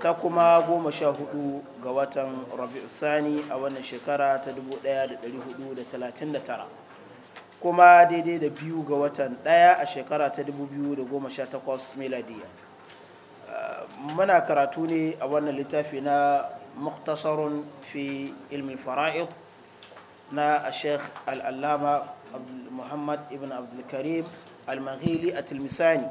ta kuma goma sha hudu ga watan rabi'u sani a wannan shekara ta 1439 kuma daidai da biyu ga watan daya a shekara ta 2018 meladiya eh, muna karatu ne a wannan littafi na muktasarun fi ilmin fara'id na sheikh al'allama muhammad ibn abdulkarim al-maghili a tilmisani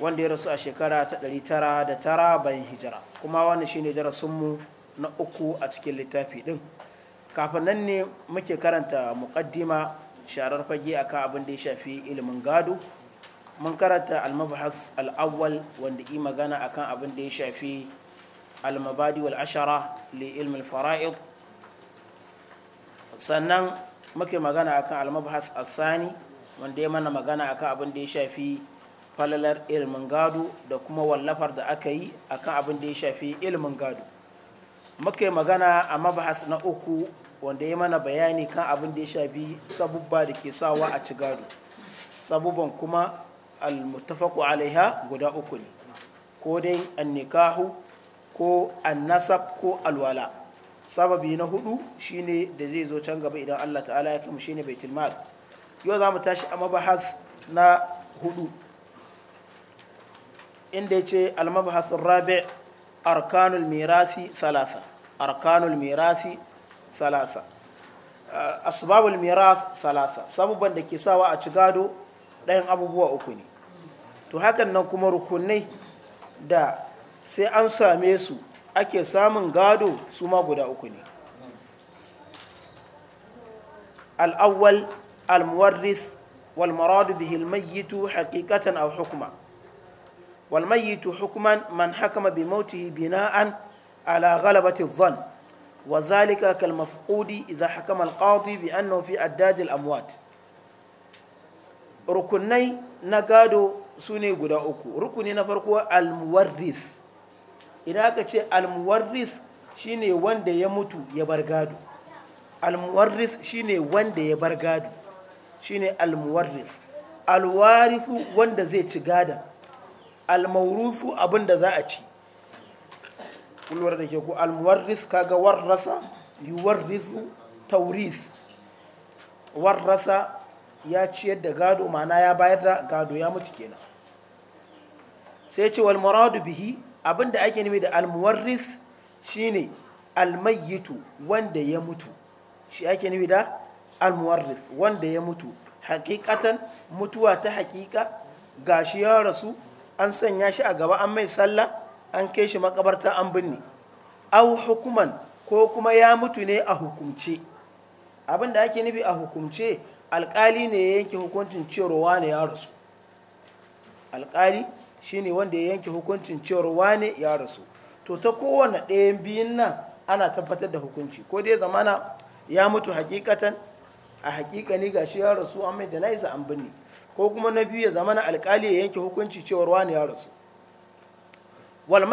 wanda ya rasu a shekara ta tara da tara bayan hijira kuma wani shine darasinmu na uku a cikin littafi din kafin nan ne muke karanta muqaddima sharar fage akan abin da ya shafi ilimin gado mun karanta al-mabhas al-awwal wanda yi magana akan abin da ya shafi al-mabadi wal ashara li faraid sannan muke magana akan al-mabhas al-thani wanda ya mana magana akan abin da ya shafi falalar ilimin gado da kuma wallafar da aka yi a kan abin da ya shafi ilimin gado muka yi magana a mabahas na uku wanda ya mana bayani kan abin da ya shafi sabubba da ke sawa a ci gado sabubban kuma almutafaku alaiha guda uku ne ko dai annikahu ko annasab ko alwala sababi na hudu shine da zai zo can gaba idan Allah ta'ala ya kama shine baitul mal yau za mu tashi a mabahas na hudu inda ya ce almabhasin rabe arkanul mirasi salasa arkanul mirasi salasa uh, asbabul miras salasa sabubban da ke sawa a ci gado ɗayan abubuwa uku ne to hakan nan kuma rukunai da sai an same su ake samun gado su ma guda uku ne al'awwal al-muwarris wal maradu bihi al-mayyitu haqiqatan aw hukma والميت حكما من حكم بموته بناء على غلبة الظن وذلك كالمفقود إذا حكم القاضي بأنه في أداد الأموات ركني نقادو سوني قدا أكو ركني نفرقو المورث إذا كنت المورث شيني وند يموت يبرقادو المورث شيني وند يبرقادو شيني المورث الوارث وند زيت تقادو almaurusu abin da za a ci kulwar da ke ku almuwarris kaga warrasa yuwarrisu tauris warrasa ya ciyar da gado mana ya bayar da gado ya mutu kenan sai ce muradu bihi abin da ake nufi da almuwarris shine almayyitu wanda ya mutu shi ake nufi da almuwarris wanda ya mutu hakikatan mutuwa ta hakika gashi ya rasu an sanya shi a gaba an mai sallah an kai shi makabarta an binne au hukuman ko kuma ya mutu ne a hukumce abin da ake nufi a hukumce alkali ne ya yanke hukuncin cewa ne ya rasu alkali shine wanda ya yanke hukuncin cewa ne ya rasu to ta kowane ɗayan biyun nan ana tabbatar da hukunci ko dai zamana ya mutu hakikatan a hakika ne shi ya rasu an mai da jana'iza an binne ko kuma na biyu ya zama na alkali ya yanke hukunci cewar wani ya rasu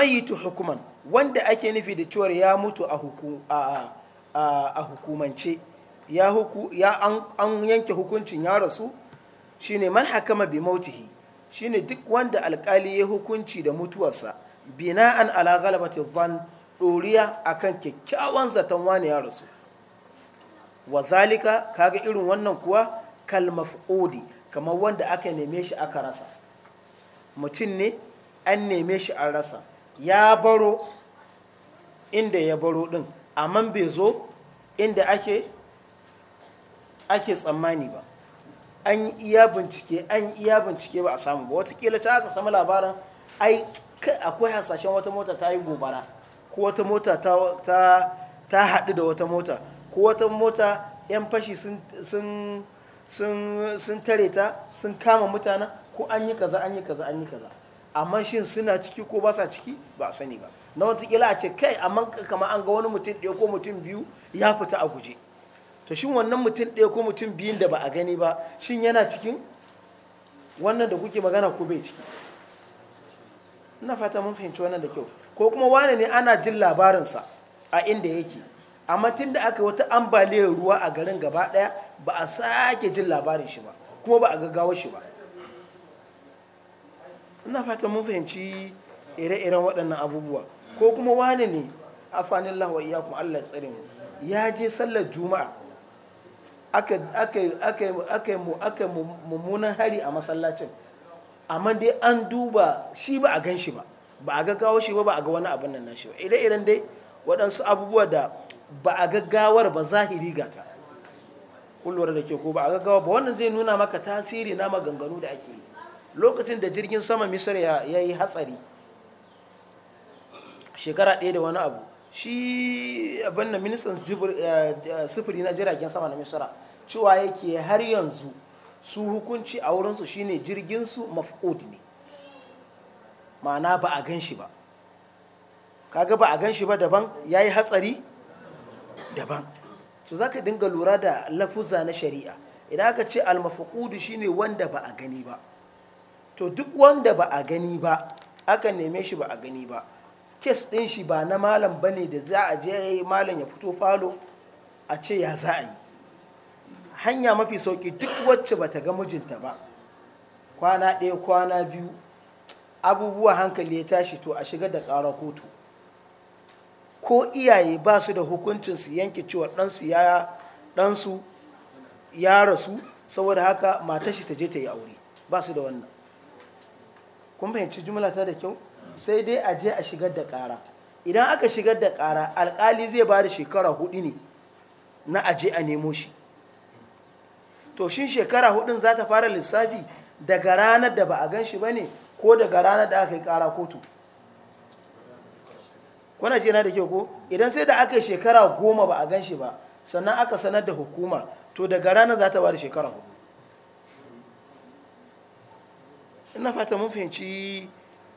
yi hukuman wanda ake nufi da cewar ya mutu a hukumance ya huku ya an yanke hukuncin ya rasu shine man hakama bi mautihi shine duk wanda alkali ya hukunci da mutuwarsa bina'an ala ghalabati dhann doriya akan kyakkyawan zaton wani ya rasu wa zalika kaga irin wannan kuwa kal maf'udi kamar wanda aka neme shi aka rasa mutum ne an neme shi an rasa ya baro inda ya baro din amma bai zo inda ake ake tsammani ba an yi iya bincike an yi iya bincike ba a samu ba watakila ta aka samu labarin ai akwai hasashen wata mota ta yi gobara ko wata mota ta haɗu da wata mota ko wata mota 'yan fashi sun sun tare ta sun kama mutanen ko an yi kaza an yi kaza an yi kaza amma shin suna ciki ko ba sa ciki ba a sani ba na watakila a ce kai amma kama an ga wani mutum ɗaya ko mutum biyu ya fita a guje to shin wannan mutum ɗaya ko mutum biyun da ba a gani ba shin yana cikin wannan da kuke magana ko bai ciki ina fata mun fahimci wannan da kyau ko kuma wane ne ana jin labarinsa a inda yake amma tun da aka wata ambaliyar ruwa a garin gaba ɗaya ba a sake jin labarin shi ba kuma ba a gaggawa shi ba ina fata mun fahimci ire-iren waɗannan abubuwa ko kuma wani ne afanin lahawa iyakun allah tsirin ya je sallar juma'a aka yi mummunan hari a masallacin amma dai an duba shi ba a gan shi ba ba a ga shi ba ba a ga wani abin nan shi ba ire-iren dai waɗansu abubuwa da ba a gaggawar ba zahiri gata kullum da ke ko ba a gaggawa ba wannan zai nuna maka tasiri na maganganu da ake yi lokacin da jirgin sama misir ya yi hatsari shekara ɗaya da wani abu shi abin da ministan eh, eh, sufuri na jiragen sama na misira cewa yake har yanzu su hukunci a wurinsu shine jirginsu maf'ud ne ma'ana ba a gan shi ba kaga ba a gan shi ba daban ya yi hatsari daban so za ka dinga lura da lafuza na shari'a idan aka ce almafakudu shine wanda ba a gani ba to duk wanda ba a gani ba aka neme shi ba a gani ba kes ɗin shi ba na malam ba ne da za a je malam ya fito falo a ce ya za a yi hanya mafi sauki duk wacce ba ta ga mijinta ba kwana ɗaya kwana biyu abubuwa hankali ya tashi to a shiga da ƙara kotu ko iyaye ba su da hukuncin su yanke cewa ɗansu ya ɗansu ya rasu saboda haka matashi shi ta je ta yi aure ba su da wannan kun fahimci jumla ta da kyau sai dai a je a shigar da ƙara idan aka shigar da ƙara alƙali zai ba da shekara hudu ne na aje a nemo shi to shin shekara hudun za ta fara lissafi daga ranar da ba a gan shi ba ne ko daga ranar da aka yi ƙara kotu kuna ce na da kyau ko idan sai da aka yi shekara goma ba a gan shi ba sannan aka sanar da hukuma to daga ranar za ta ba da shekara hudu ina fata mun fahimci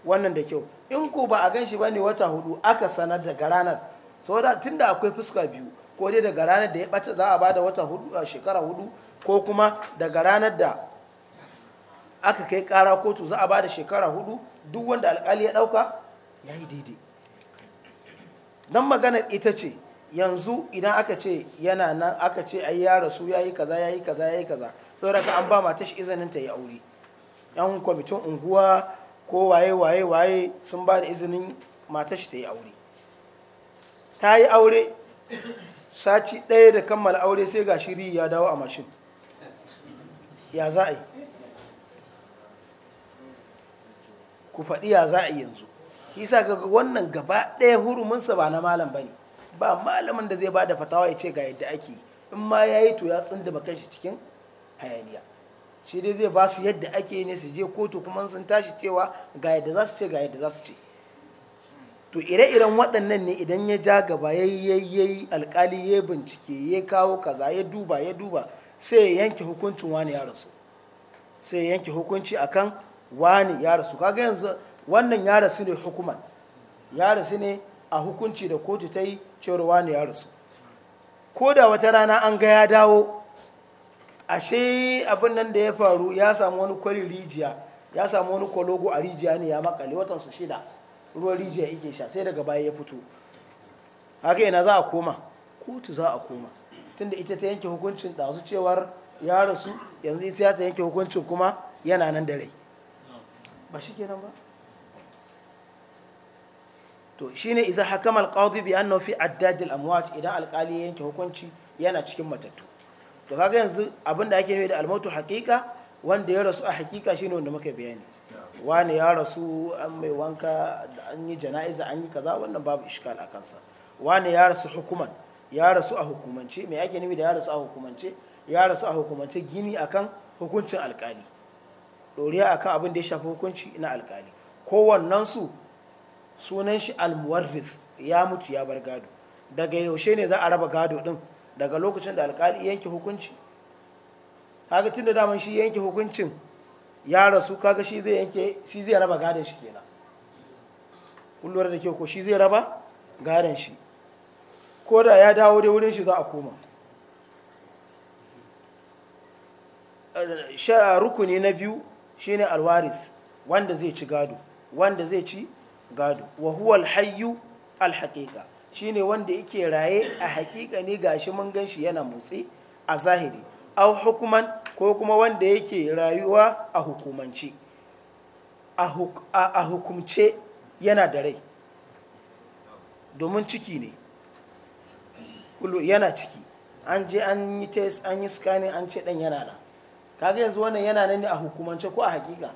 wannan da kyau in ko ba a gan shi ba ne wata hudu aka sanar daga ranar saboda da akwai fuska biyu ko dai daga ranar da ya bata za a ba da wata hudu a shekara hudu ko kuma daga ranar da aka kai kara kotu za a ba da shekara hudu duk wanda alkali ya ɗauka ya yi daidai don maganar ita ce yanzu idan aka ce yana nan aka ce ai ya rasu ya yi kaza ya yi kaza ya yi kaza da ka an ba mata shi izinin ta yi aure yan kwamitin unguwa ko waye waye waye sun ba da izinin mata shi ta yi aure ta yi aure sati ɗaya da kammala aure sai ga shiri ya dawo a mashin ya za a yi ku faɗi ya za a yi yanzu yasa ga wannan gaba ɗaya huruminsa ba na malam bane ba malamin da zai ba da fatawa ya ce ga yadda ake in ma ya yi to ya tsindima kanshi cikin hayaniya shi dai zai ba su yadda ake ne su je kotu kuma sun tashi cewa ga yadda za su ce ga yadda za su ce to ire-iren waɗannan ne idan ya ja gaba ya yi alkali ya bincike ya kawo kaza ya duba ya duba sai ya yanke hukuncin wani ya rasu sai ya yanke hukunci akan wani ya rasu kaga yanzu wannan ya rasu ne hukuman ya rasu ne a hukunci da kotu ta yi cewarwa ne ya rasu ko da wata rana an ga ya dawo ashe abin nan da ya faru ya samu wani kwari rijiya ya samu wani kwalogo a rijiya ne ya makale watansa shida ruwan rijiya ike sha sai daga baya ya fito haka yana za a koma kotu za a koma tunda ita ta yanke hukuncin ɗazu cewar ya rasu yanzu ita ya ta yanke hukuncin kuma yana nan da rai ba shi kenan ba to shine iza hakama alqadi bi annahu fi addad alamwat idan alqali yanke hukunci yana cikin matattu to kaga yanzu abinda ake nufi da almautu haqiqa wanda ya rasu a haqiqa shine wanda muka bayani wani ya rasu an mai wanka an yi jana'iza an yi kaza wannan babu iskal a kansa wani ya rasu hukuman ya rasu a hukumance mai ake nufi da ya rasu a hukumance ya rasu a hukumance gini akan hukuncin alkali doriya akan abin da ya shafi hukunci na alkali kowannensu sunan shi almuwarris ya mutu ya bar gado daga yaushe ne za a raba gado din daga lokacin da alkali yanke hukunci haka tun da daman shi yanke hukuncin ya rasu kaga shi zai yanke shi zai raba gadon shi kenan kullum da ke ko shi zai raba gadon shi ko da ya dawo dai wurin shi za a koma rukuni na biyu shine alwaris wanda zai ci gado wanda zai ci gado wa huwa alhayyu alhaqiqa shine wanda yake raye a haqiqa ne gashi mun gan shi yana motsi a zahiri au hukuman ko kuma wanda yake rayuwa a hukumance a hukumce yana da rai domin ciki ne yana ciki an je an yi test an yi scanning an ce dan yana nan kaga yanzu wannan yana nan ne a hukumance ko a hakika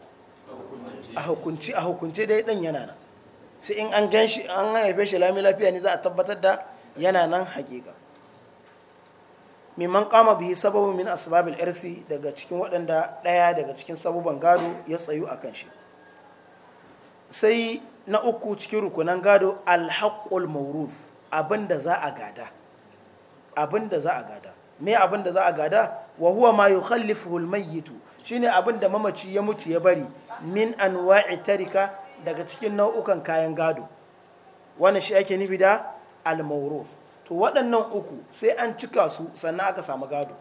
a hukunci a hukunci dai dan yana nan sai in an gan shi an haife shi lami lafiya ne za a tabbatar da yana nan hakika mimman kama bihi sababu min asbabil irsi daga cikin waɗanda ɗaya daga cikin sabuban gado ya tsayu a kan shi sai na uku cikin rukunan gado alhaƙul mauruf abinda za a gada abinda za a gada me abinda za a gada wa huwa ma yukhallifuhu almayyitu shine abinda mamaci ya mutu ya bari min anwa'i tarika daga cikin nau'ukan kayan gado wannan shi ake nufi da almawruf to waɗannan uku sai an cika su sannan aka samu gado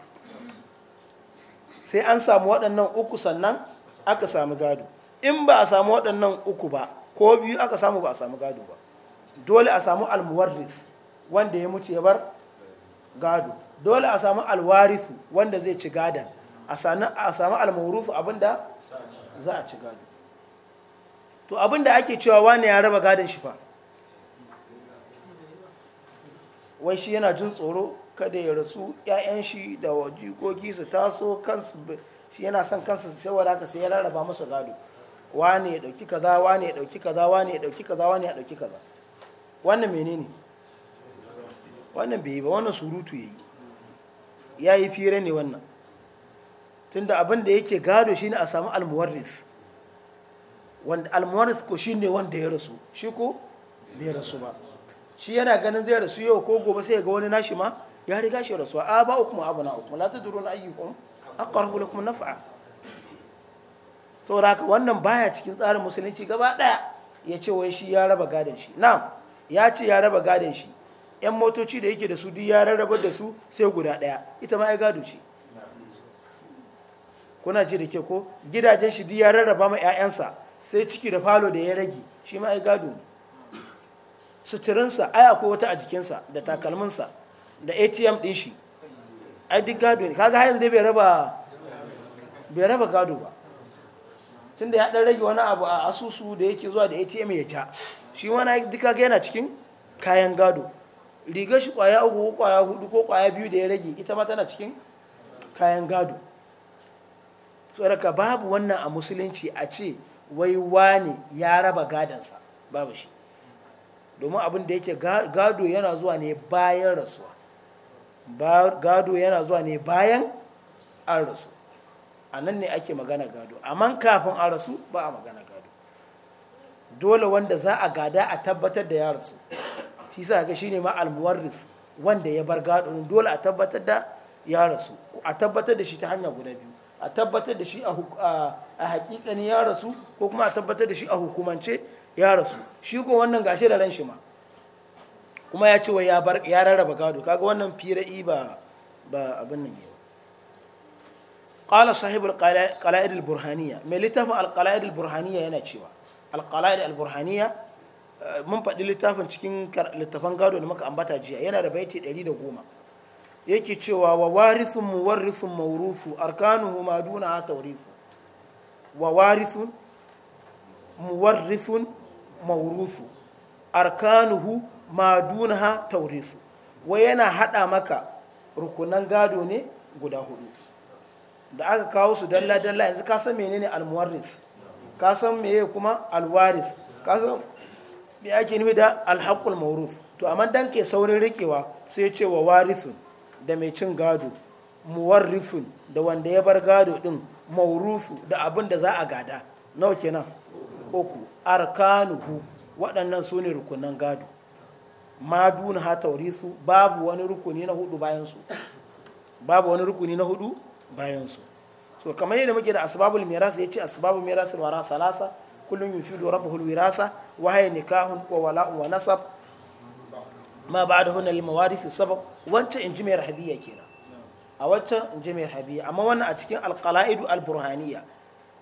sai an samu waɗannan uku sannan aka samu gado in ba a samu waɗannan uku ba ko biyu aka samu ba a samu gado ba dole a samu almuwarrif wanda ya mutu ya bar gado dole a samu alwarisu wanda zai ci gadan a samu almawrufu abinda za a ci gado to abin da ake cewa wani ya raba gadon shi fa wai shi yana jin tsoro kada ya rasu 'ya'yan shi da jikoki su taso kansu shi yana son kansu shawara haka sai ya raba masa gado wane ya dauki kaza wane ya dauki kaza wane ya dauki kaza wani ya dauki kaza wannan menene wannan bai yi ba wannan surutu yayi yayi fira ne wannan tunda abin da yake gado shine a samu almuwarris wanda almuwaris ko shi ne wanda ya rasu shi ko bai rasu ba shi yana ganin zai rasu yau ko gobe sai ga wani nashi ma ya riga shi rasuwa a ba uku abu na uku la ta duru na hula kuma na fa'a. saboda haka wannan baya cikin tsarin musulunci gaba ɗaya ya ce wai shi ya raba gadon shi na ya ce ya raba gadon shi yan motoci da yake da su duk ya rarrabar da su sai guda ɗaya ita ma ya gado ce kuna ji da ke ko gidajen shi duk ya rarraba ma 'ya'yansa sai ciki da falo da ya rage shi ma ya gado ne suturinsa ai akwai wata a jikinsa da takalminsa da atm din shi ai duk gado ne kaga haizu dai bai raba gado ba tun da ya dan rage wani abu a asusu da yake zuwa da atm ya ca shi wani duk kaga yana cikin kayan gado riga shi kwaya uku ko kwaya hudu ko kwaya biyu da ya rage ita ma tana cikin kayan gado tsoraka babu wannan a musulunci a ce wai wane ya raba gadansa babu shi domin abin da yake gado yana zuwa ne bayan rasuwa gado yana zuwa ne bayan an rasu a nan ne ake magana gado amma kafin an rasu ba a magana gado dole wanda za a gada a tabbatar da ya rasu shi sa ga ne ma almuwarris wanda ya bar gado dole a tabbatar da ya rasu a tabbatar da shi ta hanyar guda biyu a tabbatar da shi a a hakikani ya rasu ko kuma a tabbatar da shi a hukumance ya rasu shi ko wannan gashi da ran shi ma kuma ya ce wa ya rarraba gado kaga wannan fira'i ba ba abin nan yau qala sahib al-qala'id al-burhaniya mai littafin al-qala'id al-burhaniya yana cewa al-qala'id al-burhaniya eh, mun faɗi littafin cikin littafan gado da muka ambata jiya yana da baiti 110 yake cewa wa warithun muwarrithun mawrufu arkanuhu ma duna tawrifu wa warisun muwarrisun maurusu arkanuhu ma dunaha taurisu wai yana hada maka rukunan gado ne guda hudu da aka kawo su dalla dalla yanzu ka san menene almuwarris ka san meye kuma alwaris ka san me ake nufi da alhaqul mawruf to amma dan ke saurin rikewa sai ce wa warisun da mai cin gado muwarrisun da wanda ya bar gado din maurusu da abin da za a gada nawa kenan uku arkanuhu waɗannan su ne rukunan gado maduna ha taurisu babu wani rukuni na hudu su. babu wani rukuni na hudu su. so kamar yadda muke da asbabul miras ya ce asbabul wa wara salasa kullum yufidu rabbuhul wirasa wa hay nikahun wa wala'u wa nasab ma ba'dahu lil mawarith sabab wancan inji mai rahabiyya kenan a waccan in ji mai habi amma wannan a cikin alqalaidu alburhaniya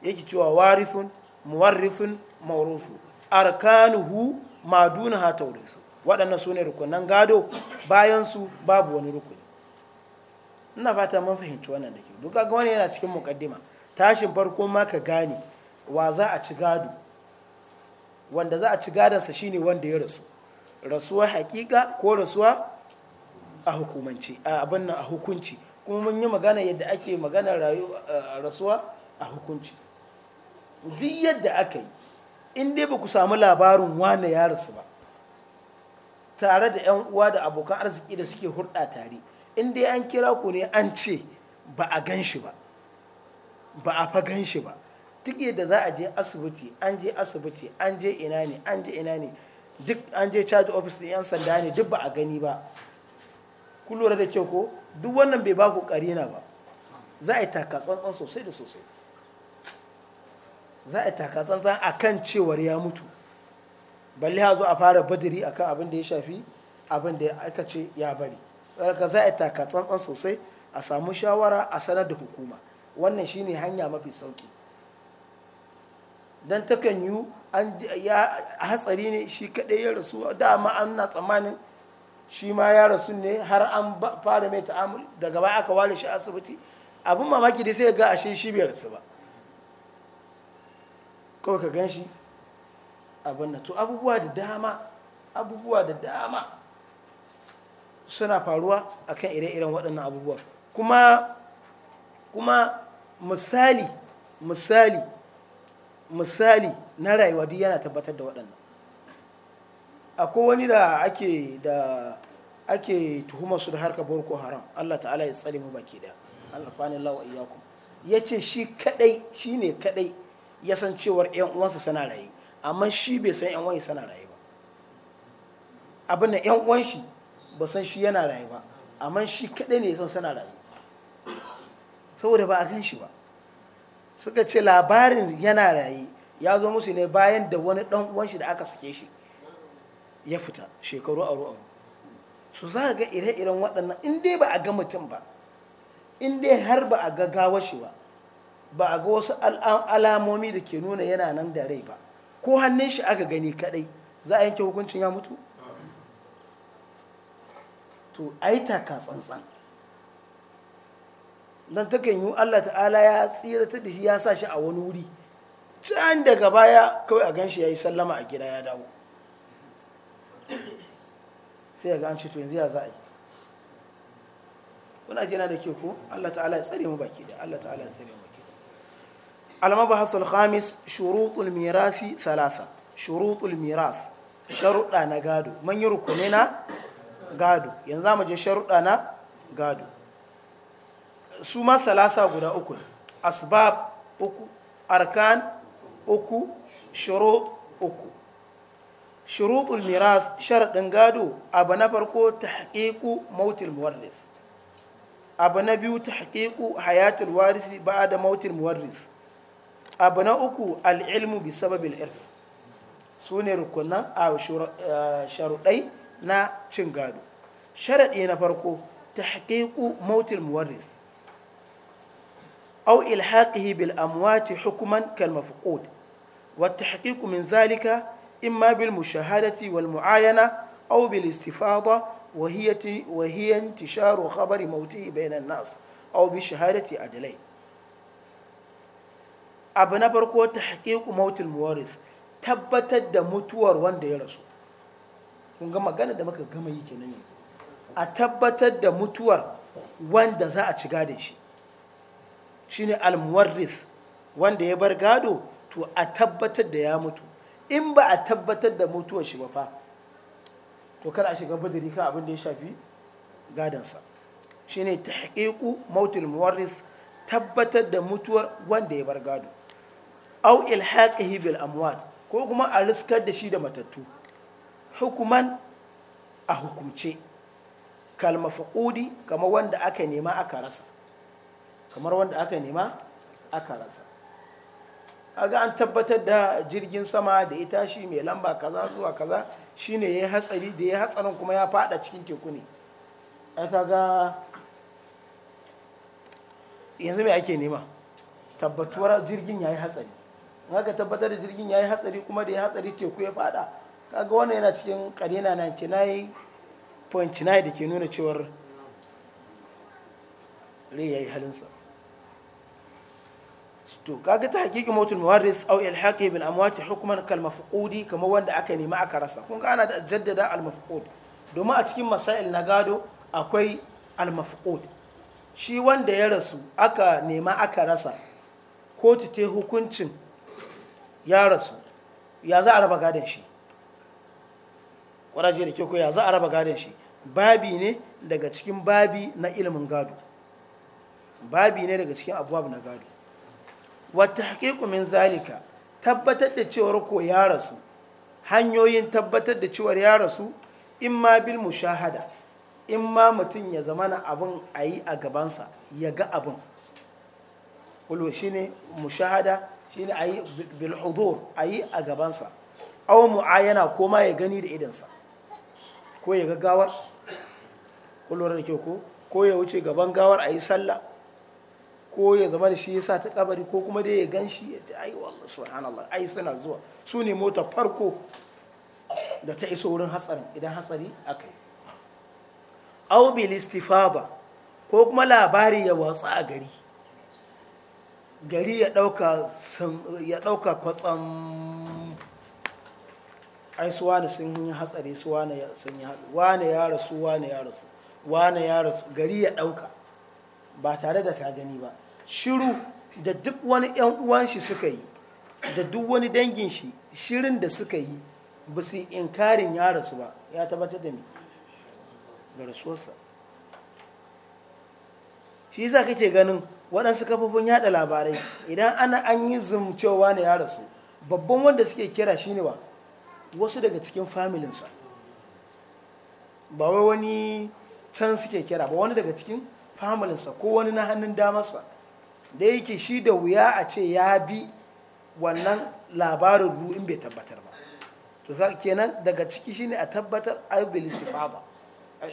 yake cewa warifin muwarrithun maurufu arkanuhu ma ha taurisu waɗannan su ne rukunan gado bayansu babu wani rukuni ina fata mun fahimci wannan da ke duka ga wani yana cikin mukaddima tashin farko ma ka gane wa za a ci gado wanda za a ci gadonsa shine wanda ya rasu rasuwa hakika ko rasuwa a abin nan a hukunci kuma mun yi magana yadda ake magana eh, rasuwa a hukunci duk yadda aka yi in dai ba ku samu labarin wane ya rasu ba tare da 'yan uwa da abokan arziki da suke hurɗa tare in dai an kira ku ne an ce ba a gan shi ba ba a fa gan shi ba duk yadda za a je asibiti an je asibiti an je ina ne an je ina ne duk an je caji ofis ɗin 'yan sanda ne duk ba a gani ba kun da kyau ko duk wannan bai ba ku karina ba za a yi takatsantsan sosai da sosai za a yi takatsantsan a kan cewar ya mutu balle ha zo a fara badiri a kan abin da ya shafi abin da aka ce ya bari ka za a yi takatsantsan sosai a samu shawara a sanar da hukuma wannan shine hanya mafi sauki don takan yi hatsari ne shi kaɗai ya rasu dama ana tsammanin shi ma ya rasu ne har an fara mai ta'amul daga baya aka ware shi asibiti abin mamaki dai sai ga ashe shi bai rasu ba kawai ka gan shi abin da to abubuwa da dama abubuwa da dama suna faruwa akan ire-iren waɗannan abubuwa kuma kuma misali misali misali na rayuwa duk yana tabbatar da waɗannan akwai wani da ake da ake tuhumar su da harka boko haram Allah ta'ala ya tsare mu baki da Allah fani lawa ya yace shi kadai ne kadai ya san cewar yan uwansa sana raye amma shi bai san yan uwansa sana raye ba abin da ƴan uwan shi ba san shi yana raye ba amma shi kadai ne ya san sana raye saboda ba a gan shi ba suka ce labarin yana raye ya zo musu ne bayan da wani dan uwan shi da aka sake shi ya fita shekaru a aro su za ga ire-iren waɗannan in dai ba a ga mutum ba in dai har ba a ga gawashi ba ba a ga wasu alamomi da ke nuna yana nan da rai ba ko hannun shi aka gani kadai za a yanke hukuncin ya mutu to ai taka tsantsan don takan yi Allah ta'ala ya tsira ta da shi ya sa shi a wani wuri can daga baya kawai a gan shi ya yi sallama a gida ya dawo sai ya ga an to yanzu ya za a yi wani ajiyar da ke ku Allah ta'ala ya tsare mu baki da Allah ta'ala ya tsare mu baki almaba hasul khamis shurutul mirasi salasa shurutul miras sharuɗa na gado man yi rukuni na gado yanzu amaje sharuɗa na gado su ma salasa guda uku asbab uku arkan uku shurut uku shuruɗul miras sharaɗin gado abu na farko tahqiqu mautil muwarris abu na biyu tahqiqu hayatul warisi da mautil muwarris abu na uku al'ilmu bi sababil irth su ne rukunan a sharuɗai na cin gado sharaɗi na farko tahqiqu mautil muwarris أو hukuman بالأموات حكما كالمفقود والتحقيق min zalika. إما بالمشاهدة والمعاينة أو بالاستفاضة وهي wahiyan tisharu خبر موته bainan nas أو بشهادة أدلين abu na farko ta haƙiƙu mautul muwaris tabbatar da mutuwar wanda ya rasu kun ga magana da muka gama yi kenan yanzu a tabbatar da mutuwar wanda za a ci gadon shi shine al-muwarris wanda ya bar gado to a tabbatar da ya mutu in ba a tabbatar da mutuwar shi ba fa to kada a shiga badari kan abin da ya shafi gadansa shine haƙiƙu mautul muwarris tabbatar da mutuwar wanda ya bar gado au ilhaqihi bil amwat ko kuma a riskar da shi da matattu hukuman a hukumce kalma fa'udi kamar wanda aka nema aka rasa kamar wanda aka nema aka rasa ga an tabbatar da jirgin sama da ya tashi mai lamba kaza zuwa kaza shine ya hatsari da ya hatsarin kuma ya fada cikin teku ne ai ga yanzu mai ake nema tabbatuwar jirgin ya yi hatsari ka tabbatar da jirgin ya yi hatsari kuma da ya hatsari teku ya fada kaga wannan yana cikin karina 99.9 da ke nuna cewar rai ya yi halinsa to kaga ta hakiki mutul muwarris au ilhaqi bil amwati hukman kal mafqudi kamar wanda aka nema aka rasa kun ga ana da jaddada al mafqud domin a cikin masail na gado akwai al mafqud shi wanda ya rasu aka nema aka rasa kotu ta hukuncin ya rasu ya za a raba gadon shi kwaraje da ke ko ya za a raba gadon shi babi ne daga cikin babi na ilimin gado babi ne daga cikin abubuwan na gado wata hakikumin min zalika tabbatar da cewar ko ya rasu hanyoyin tabbatar da cewar ya rasu in ma bil mushahada in ma mutum ya zama na abin a yi a gabansa ya ga abin kulwa shi ne mushahada shi ne a yi bilhudur a yi a gabansa au mu'ayana ko ma ya gani da idansa ko ya ga gawar kulwar da ke ko ko ya wuce gaban gawar a yi sallah ko ya zama da shi ya sa ta kabari ko kuma dai ya gan shi ya ce ai wallahi subhanallah ai suna zuwa su ne mota farko da ta iso wurin hatsari idan hatsari aka yi au bil istifada ko kuma labari ya watsa a gari gari ya dauka ya dauka kwatsam ai su wani sun yi hatsari su wani sun yi hatsari wani ya rasu wani ya rasu wani ya rasu gari ya dauka ba tare da ka gani ba shiru da duk wani ‘yan uwan shi suka yi da duk wani dangin shi shirin da suka yi ba su inkarin ya rasu ba ya tabbatar da ni da rasuwarsa shi yasa kake ganin waɗansu kafofin yada labarai idan ana an yi zumcewa ne ya rasu babban wanda suke kira shi ne ba wasu daga cikin familinsa ba wai wani can suke kira ba wani daga cikin familinsa ko wani na hannun damarsa da yake shi da wuya a ce ya bi wannan labarin ru'in bai tabbatar ba to kenan daga ciki shine a tabbatar aibil istifada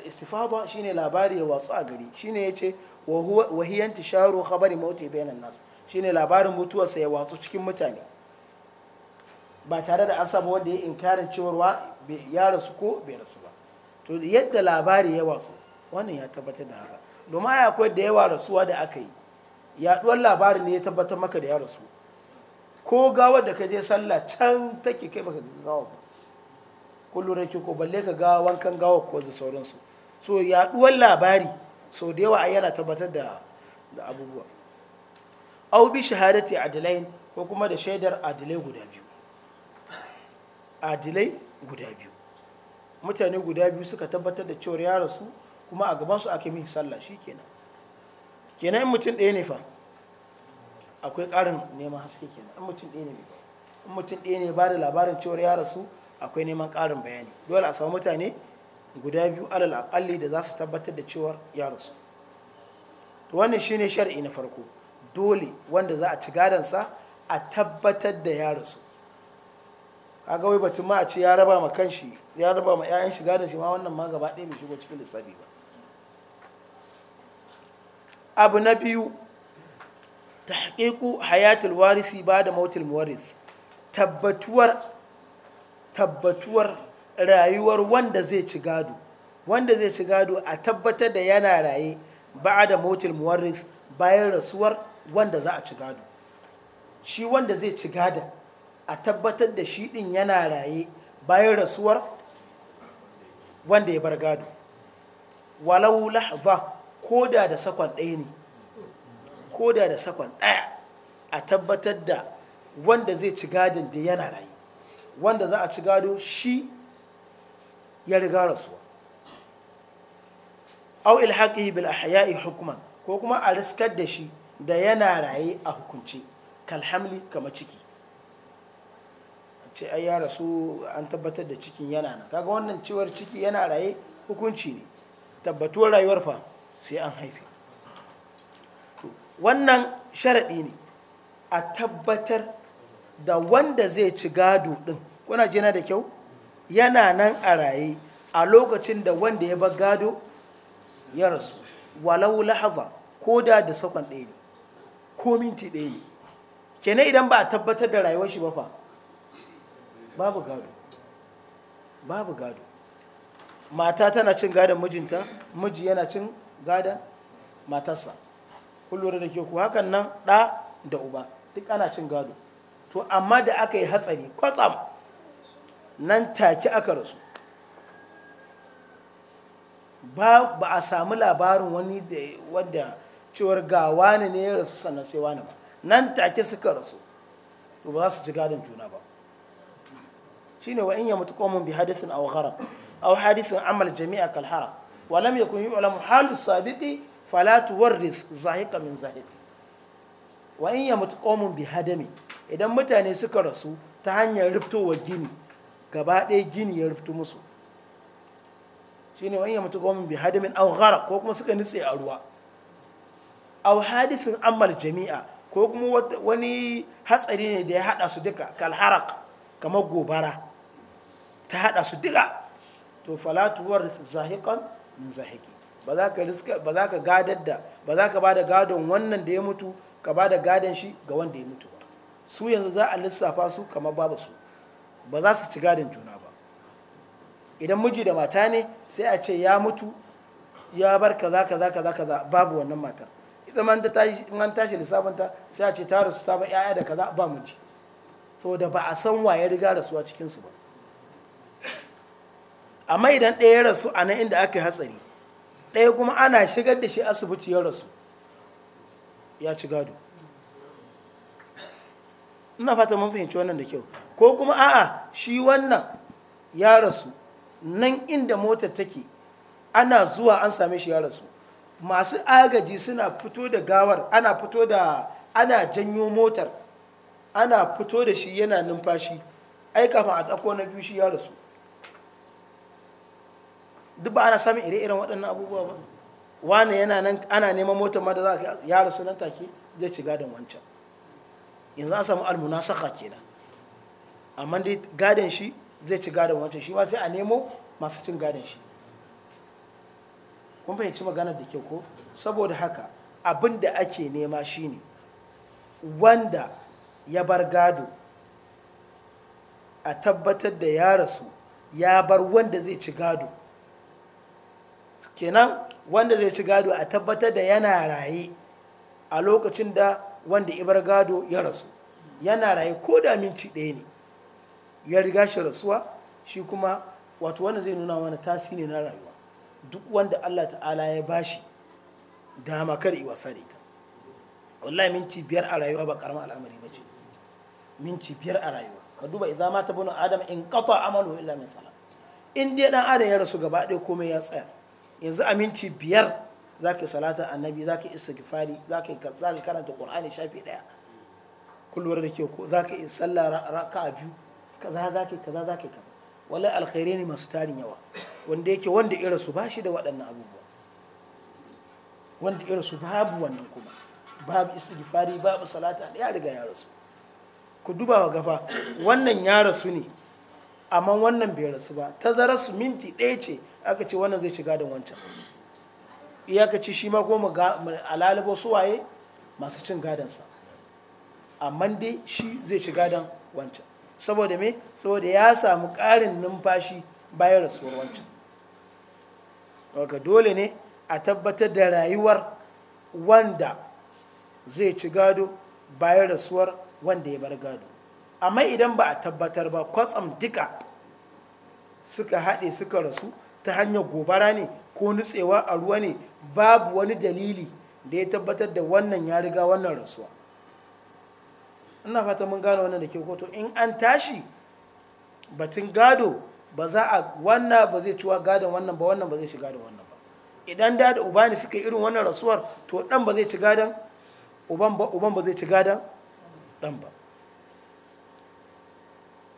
istifada shine labari ya watsu a gari shine ne ya ce wahiyan tisharu khabari mauti bainan nas shine labarin mutuwarsa ya watsu cikin mutane ba tare da asaba wanda ya inkarin cewarwa ya rasu ko bai rasu ba to yadda labari ya watsu wannan ya tabbatar da haka domin akwai da yawa rasuwa da aka yi Yaɗuwar labari ne ya tabbatar maka da ya rasu ko gawar da ka je sallah can take kai baka gawa ba kullum rake ko balle ka ga wankan gawa ko da sauransu so yaɗuwar labari sau da yawa yana tabbatar da abubuwa au bi shahadati adilai ko kuma da shaidar adilai guda biyu adilai guda biyu mutane guda biyu suka tabbatar da cewar ya rasu kuma a gabansu ake min sallah kenan. kenan in mutum ɗaya ne fa akwai ƙarin neman haske kenan in mutum ɗaya ne in mutum ɗaya ne ba da labarin cewar ya rasu akwai neman ƙarin bayani dole a samu mutane guda biyu alal aƙalli da za su tabbatar da cewar ya rasu to wannan shine shar'i na farko dole wanda za a ci gadansa a tabbatar da ya rasu kaga wai batun ma a ce ya raba ma kanshi ya raba ma 'ya'yan shi gadon shi ma wannan ma gaba ɗaya bai shigo cikin lissafi ba abu na biyu ta haƙiƙu hayatul warisi ba da mautul muwaris tabbatuwar tabbatuwar rayuwar wanda zai ci gado wanda zai ci gado a tabbatar da yana raye ba da mautul muwaris bayan rasuwar wanda za a ci gado shi wanda zai ci gada a tabbatar da shi din yana raye bayan rasuwar wanda ya bar gado walau lahza Koda da sakon ɗaya ne koda da sakon ɗaya a tabbatar da wanda zai ci gadin da yana rayu wanda za a ci gado shi ya riga rasuwa au ilhaqihi bil ahya'i hukman ko kuma a riskar da shi da yana raye a hukunci kalhamli kama ciki ce ai ya rasu an tabbatar da cikin yana nan kaga wannan cewar ciki yana raye hukunci ne tabbatuwar rayuwar fa sai an haifi wannan sharaɗi ne a tabbatar da wanda zai ci gado ɗin kuna jina da kyau yana nan a raye a lokacin da wanda ya bar gado ya rasu walau lahaza ko da da sakon ɗaya ne ko minti ɗaya ne kenan idan ba a tabbatar da rayuwar shi ba fa babu gado babu gado mata tana cin gadon mijinta miji yana cin Gada matarsa kullum da ke ku hakan nan ɗa da uba duk ana cin gado to amma da aka yi hatsari kwatsam nan take aka rasu ba a sami labarin wani da wadda cewar ga wani ne ya rasu sannan sai wani ba nan take suka rasu to ba za su ci gadon juna ba shine wa in ya mutu qawmun bi hadithin aw gharam aw hadithin amal jami'a kal wa lam yakun yu'lamu halu sabiqi fala tuwarris zahiqa min zahiq wa in yamut qawmun bi hadami idan mutane suka rasu ta hanyar riftowar gini gaba ɗaya gini ya rifto musu shine wa in yamut qawmun bi hadamin aw gharq ko kuma suka nitse a ruwa aw hadisin amal jami'a ko kuma wani hatsari ne da ya hada su duka kalharak kamar gobara ta hada su duka to falatuwar zahiqan musa ba ba za ka gadar da ba za ka ba da gadon wannan da ya mutu ka ba da gadon shi ga wanda ya mutu ba su yanzu za a lissafa su kamar babu su ba za su ci gadon juna ba idan miji da mata ne sai a ce ya mutu ya bar kaza kaza kaza kaza babu wannan mata ita man tashi man tashi lissafinta sai a ce ta rasu ta ba 'ya'ya da kaza ba miji saboda ba a san waye riga rasuwa cikin su ba amma idan ɗaya ya rasu a nan inda aka yi hatsari ɗaya kuma ana shigar da shi asibiti ya rasu ya ci gado ina fata mun fahimci wannan da kyau ko kuma a'a shi wannan ya rasu nan inda motar take ana zuwa an same shi ya rasu masu agaji suna fito da gawar ana fito da ana janyo motar ana fito da shi yana numfashi ai kafin a tsako na biyu shi ya rasu duk ba ana samun ire-iren waɗannan abubuwa ba wane yana nan ana neman mota ma da za a yaro su nan take zai ci gadon wancan yanzu an samu almuna almunasaka kenan amma dai gadon shi zai ci gadon wancan shi ba sai a nemo masu cin gadon shi kun fahimci maganar da ke ko saboda haka abin da ake nema shine wanda ya bar gado a tabbatar da ya rasu ya bar wanda zai ci gado kenan wanda zai ci gado a tabbatar da yana raye a lokacin da wanda ibar gado ya rasu yana raye ko da minci ɗaya ne ya riga shi rasuwa shi kuma wato wanda zai nuna wani tasiri na rayuwa duk wanda Allah ta'ala ya bashi dama kar i wasa da ita wallahi minti biyar a rayuwa ba karamin al'amari ba ce minti biyar a rayuwa ka duba idan mata bunu adam in qata amalu illa min salat in dai dan adam ya rasu gaba ɗaya komai ya tsaya yanzu aminci biyar za ka yi salatar annabi za ka yi istighfari za ka karanta ƙur'ani shafi ɗaya kullum da ke ko za ka yi sallah raka a biyu kaza za ka yi kaza za ka yi kaza Wani alkhairai ne masu tarin yawa wanda yake wanda irin su ba shi da waɗannan abubuwa wanda irin su babu wannan kuma babu istighfari babu salata ya riga ya rasu ku duba wa gafa wannan ya rasu ne amma wannan bai rasu ba ta tazarar su minti ɗaya ce aka ce wannan zai shiga da wancan iyaka ce shi ma ko mu su suwaye masu cin gadansa amma dai shi zai ci gadon wancan saboda me saboda ya samu ƙarin numfashi bayan rasuwar wancan waka dole ne a tabbatar da rayuwar wanda zai ci gado bayan rasuwar wanda ya bar gado amma idan ba a tabbatar ba kwatsam duka suka haɗe suka rasu ta hanyar gobara ne ko nutsewa a ruwa ne babu wani dalili da ya tabbatar da wannan ya riga wannan rasuwa ina fata mun gano wannan da ke koto in an tashi batun gado ba za a wannan ba zai ciwa gadon wannan ba wannan ba zai shiga da wannan ba idan da da uba ne suka irin wannan rasuwar to dan ba zai ci gadon uban ba zai ci gadon dan ba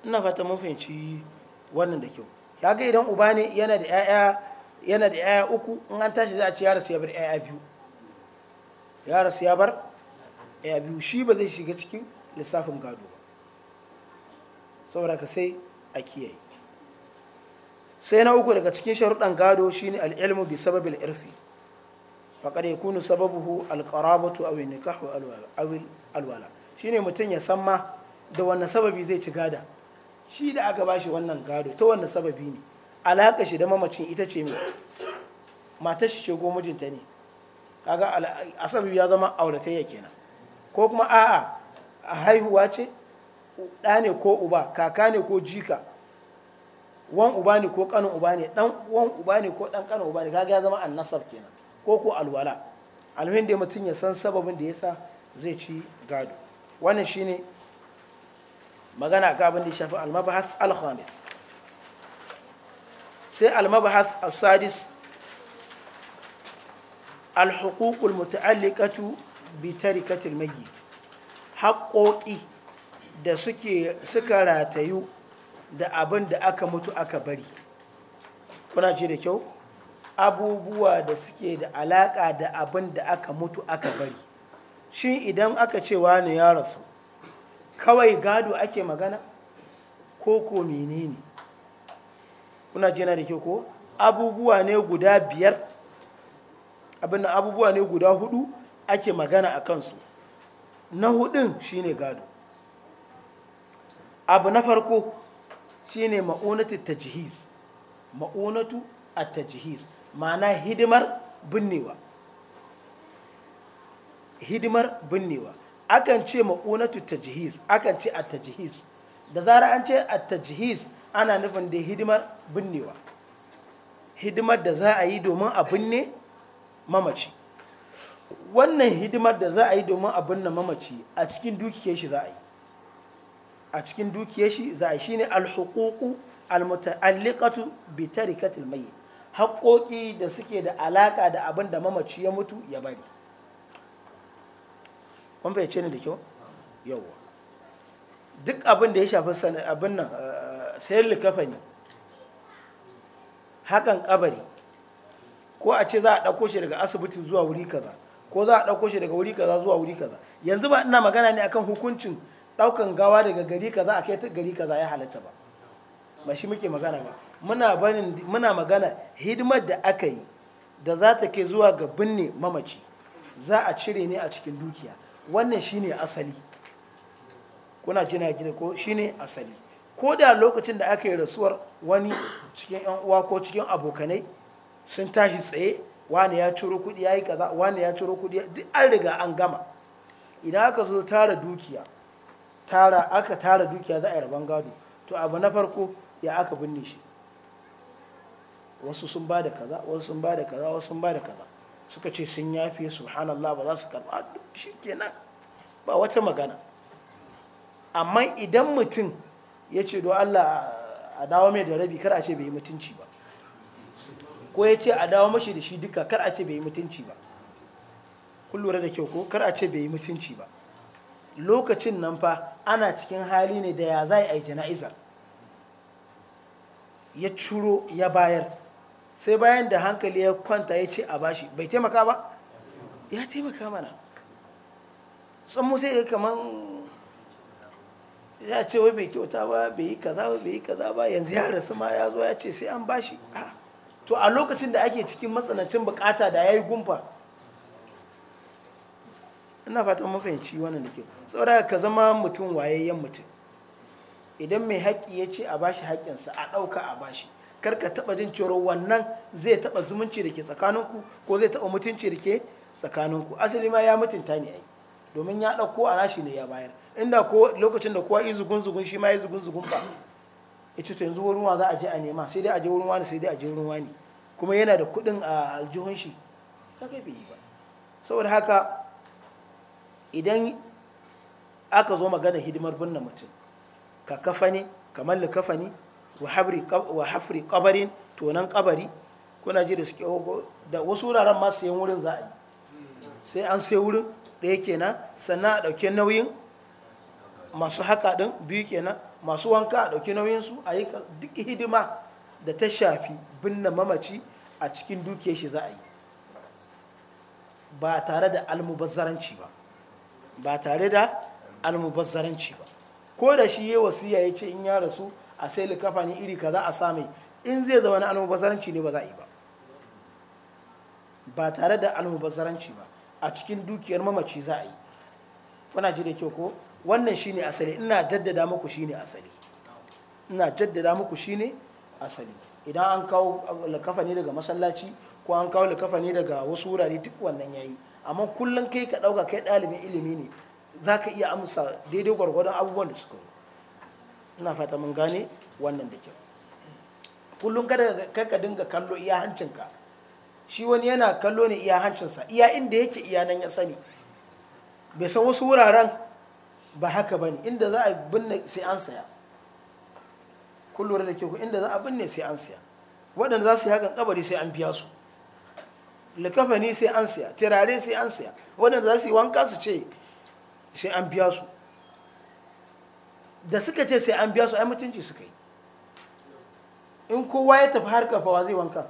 ina fata mun fahimci wannan da kyau kaga idan uba ne yana da 'ya'ya yana da 'ya'ya uku in an tashi za a ci yara su ya 'ya'ya biyu yara su yabar 'ya'ya biyu shi ba zai shiga cikin lissafin gado ba saboda ka sai a kiyaye sai na uku daga cikin sharuɗan gado shine al'ilmu bi sababi irsi faƙar ya kunu hu alƙarabatu wani kahu alwala shine mutum ya san ma da wannan sababi zai ci gada shi da aka bashi wannan gado ta wanda sababi ne alaka shi da mamacin ita ce mai matar shi ce ko mijinta ne kaga sabi ya zama auratayya kenan ko kuma a'a a haihuwa ce ɗa ne ko uba kaka ne ko jika wan uba ne ko ƙanin uba ne ɗan wan uba ne ko ɗan ƙanin uba ne kaga ya zama nasar kenan ko ko alwala alhin da mutum ya san sababin da ya sa zai ci gado wannan shine magana ka abin da ya shafi almabahas alhamis sai almabahas asadis alhukukul muta'alliqatu bi tarikatul mayyit haƙoƙi da suke suka ratayu da abin da aka mutu aka bari kuna ce da kyau abubuwa da suke da alaƙa da abin da aka mutu aka bari shin idan aka ce wani ya rasu kawai gado ake magana ko ko menene kuna jina da ke ko abubuwa ne guda biyar abinda abubuwa ne guda hudu ake magana a kansu na hudun shi ne gado abu na farko shi shine ma'unatu tajhiz ma'unatu a jihis. ma'ana hidimar binnewa hidimar binnewa akan ce ma'unatu tajhiz akan ce at-tajhiz da zara an ce at-tajhiz ana nufin da hidimar binnewa hidimar da za a yi domin a binne mamaci wannan hidimar da za a yi domin a binne mamaci a cikin dukiyar shi za a yi a cikin dukiyar shi za a yi shine al-huququ al-muta'alliqatu bi tarikatil mayyit haƙoƙi da suke da alaƙa da abin da mamaci ya mutu ya bari kun fahimce ni da kyau yawwa duk abin da ya shafi abin nan eh, eh, sayar ne hakan kabari ko a ce za a ɗauko shi daga asibiti zuwa wuri kaza ko za a ɗauko shi daga wuri kaza zuwa wuri kaza yanzu ba ina magana ne akan hukuncin ɗaukan gawa daga gari kaza a kai ta gari kaza ya halatta ba ba shi muke magana ba muna muna magana hidimar da aka yi da za ta kai zuwa ga binne mamaci za a cire ne a cikin dukiya wannan shine asali kuna jina gida ko shine asali ko da lokacin da aka yi rasuwar wani cikin yan uwa ko cikin abokanai sun tashi tsaye wani ya ciro kudi, ya yi kaza wani ya ciro kudi. duk an riga an gama idan aka zo tara dukiya tara aka tara dukiya za a yi rabon gado to abu na farko ya aka binne shi wasu sun ba da kaza wasu sun ba da kaza wasu sun ba da kaza suka ce sun yafe subhanallah ba za su karɓa shi kenan ba wata magana amma idan mutum ya ce do Allah a dawo mai da rabi kar a ce bai yi mutunci ba ko ya ce a dawo mashi da shi duka kar a ce bai yi mutunci ba kun lura da kyau ko kar a ce bai yi mutunci ba lokacin nan fa ana cikin hali ne da ya za a yi jana'izar ya curo ya bayar sai bayan da hankali ya kwanta ya ce a bashi bai taimaka ba ya taimaka mana san musa ga kamar ya ce wai bai kyauta ba bai yi kaza ba bai yi kaza ba yanzu ya rasu ma ya zo ya ce sai an bashi ah. to a lokacin da ake cikin matsanancin bukata da ya yi gumfa ina fatan mafahimci wannan da ke saboda ka zama mutum wayayyen mutum idan mai haƙƙi ya ce a bashi haƙƙinsa a ɗauka a bashi kar ka taɓa jin coro wannan zai taɓa zumunci da ke tsakaninku ko zai taɓa mutunci da ke tsakaninku asali ma ya mutunta ne ai domin ya ɗauko a nashi ne ya bayar inda ko lokacin da kowa izugun zugun shi ma izugun zugun ba ita yanzu wurin wa za a je a nema sai dai a je wurin wani sai dai a je wurin wani kuma yana da kuɗin a aljihun shi ta kai yi ba saboda haka idan aka zo magana hidimar binne mutum ka kafa ne ka da kafa ne wa hafri kabarin tonan kabari kuna ji da suke da wasu wuraren masu sayan wurin za a yi sai an sai wurin ɗaya kenan sannan a ɗauke nauyin masu haka ɗin biyu kenan masu wanka a ɗauki nauyinsu a yi duk hidima da ta shafi binne mamaci a cikin dukiyar shi za a yi ba tare da almubazzaranci ba ba tare da almubazzaranci ba ko da shi ya wasiya ya ce in ya rasu a sai likafa ne iri kaza a same in zai zama na almubazzaranci ne ba za a yi ba ba tare da almubazzaranci ba a cikin dukiyar mamaci za a yi wana ji da kyau ko wannan shine asali ina jaddada muku shine asali ina jaddada muku shine asali idan an kawo lakafa ne daga masallaci ko an kawo lakafa ne daga wasu wurare duk wannan yayi amma kullum kai ka dauka kai dalibin ilimi ne za ka iya amsa daidai gwargwadon abubuwan da suka ina fata mun gane wannan da kyau kullum kada ka dinga kallo iya hancinka shi wani yana kallo ne iya hancinsa iya inda yake iya nan ya sani bai san wasu wuraren ba haka ba ne inda za a binne sai an saya kullum da ke ku inda za a binne sai an saya waɗanda za su yi hakan kabari sai an biya su likafani sai an saya tirare sai an saya waɗanda za su yi wanka su ce sai an biya su da suka ce sai an biya su ai mutunci suka yi in kowa ya tafi har kafawa zai wanka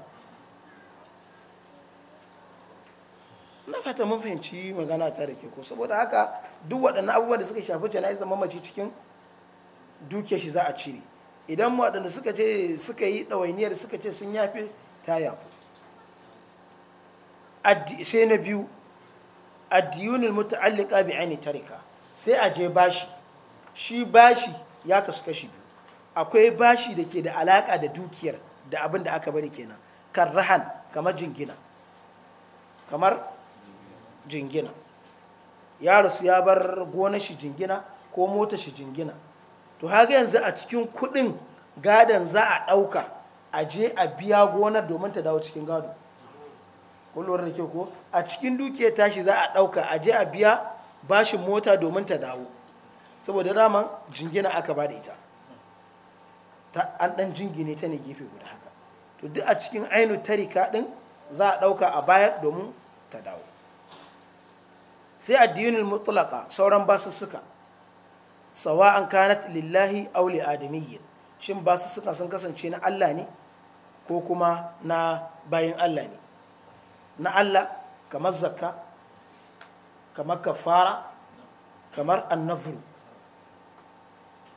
ina fata mun fahimci magana ta da ke ko saboda haka duk waɗannan abubuwan da suka shafi jana'izar mamaci cikin dukiyar shi za a cire idan waɗanda suka ce suka yi ɗawainiyar suka ce sun yafe ta yafu sai na biyu addiyunin muta'allika bi aini tarika sai a je bashi shi bashi ya kasu kashi biyu akwai bashi da ke da alaka da dukiyar da abin da aka bari kenan kan rahan kamar jingina kamar jingina ya rasu ya bar gona shi jingina ko mota shi jingina to haka yanzu a cikin kudin gadon za a ɗauka a je a biya gona domin ta dawo cikin gado kullum da ke ko a cikin dukiyar tashi za a ɗauka a je a biya bashin mota domin ta dawo saboda daman jingina aka ba da ita an ɗan jingine ta ne gefe guda haka to duk a cikin ainu tarika ɗin za a ɗauka a bayar domin ta dawo sai addinin mutlaka sauran basussuka sawa an kanat lillahi aw adamiyyin shin basussuka sun kasance na Allah ne ko kuma na bayin Allah ne na Allah kamar zakka kamar kafara kamar annafru